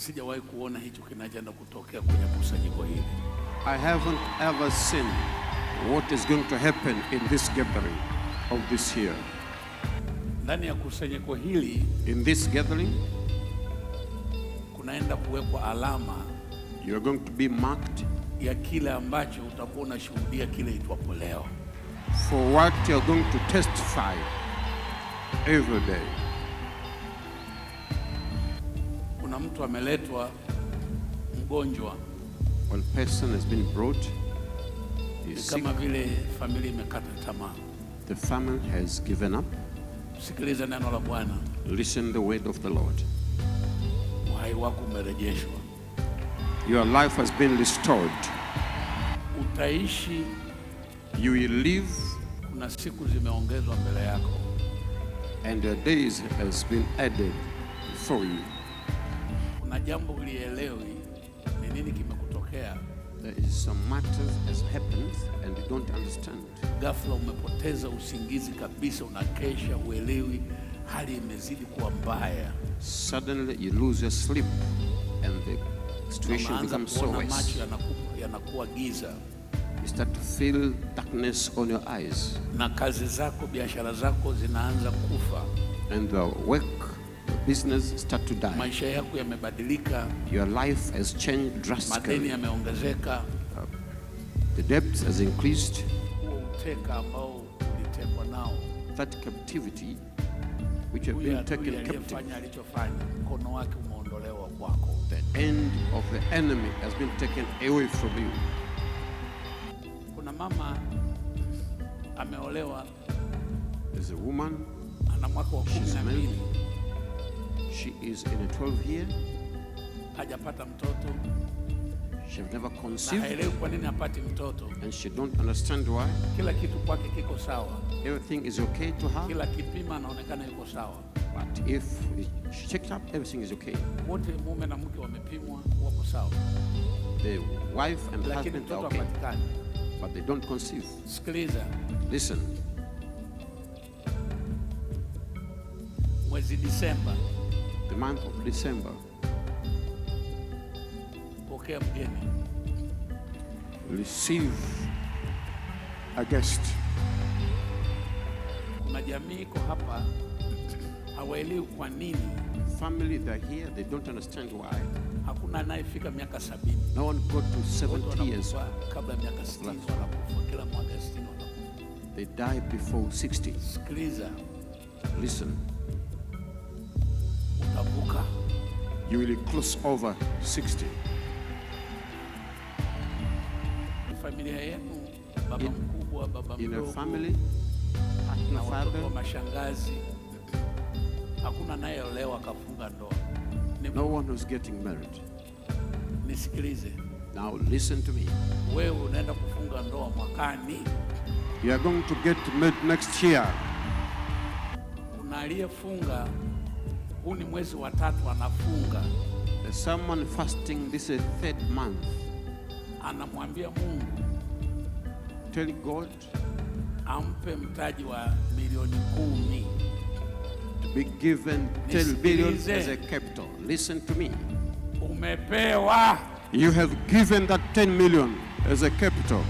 Sijawahi kuona hicho kinachoenda kutokea kwenye kusanyiko hili. I haven't ever seen what is going to happen in this gathering of this year. Ndani ya kusanyiko hili, in this gathering, kunaenda kuwekwa alama, you are going to be marked, ya kile ambacho utakuwa unashuhudia kile itwapo leo, for what you are going to testify every day. mtu ameletwa mgonjwa, one person has been brought is kama vile familia imekata tamaa, the family has given up. Sikiliza neno la Bwana, listen the word of the Lord. Uhai wako umerejeshwa, your life has been restored. Utaishi, you will live. Kuna siku zimeongezwa mbele yako, and the days has been added for you kuna jambo ulielewi ni nini kimekutokea. There is some matters has happened and you don't understand. Ghafla umepoteza usingizi kabisa, unakesha uelewi, hali imezidi kuwa mbaya. Suddenly you lose your sleep and the situation becomes so worse. Macho yanakuwa giza. You start to feel darkness on your eyes. Na kazi zako, biashara zako zinaanza kufa. And the work Business start to die. Maisha yako yamebadilika. Your life has changed drastically. Madeni yameongezeka. Uh, the debt has increased. Uteka ambao ulitekwa nao. That captivity which have been taken captive. Alichofanya mkono wake umeondolewa kwako. The end of the enemy has been taken away from you. Kuna mama ameolewa. There's a woman. Ana mwaka wa 12. She is in a 12 year. Hajapata mtoto. She never conceived. mtoto. And she don't understand why. Kila kitu kwake kiko sawa. Everything is okay to her. Kila kipima anaonekana yuko sawa. But if she checked up, everything is okay. Wote mume na mke wamepimwa wako sawa. The wife and the husband are okay. But they don't conceive. Sikiliza. Listen. Mwezi the month of December. Receive a guest. jamii iko hapa Family they're here, they don't understand why. Hakuna miaka No one got to 70 years. They die before 60. Listen utavuka. You will cross over 60. Familia yenu baba in, mkubwa, baba mdogo, family, father, mashangazi, hakuna anayeolewa akafunga ndoa. No one who's getting married. Nisikilize. Now listen to me. Wewe unaenda kufunga ndoa mwakani. You are going to get married next year. aliyefunga huu ni mwezi wa tatu anafunga. someone fasting this is third month. Anamwambia Mungu, tell God ampe mtaji wa milioni kumi. To be given 10 billion as a capital. Listen to me. Umepewa. You have given that 10 million as a capital.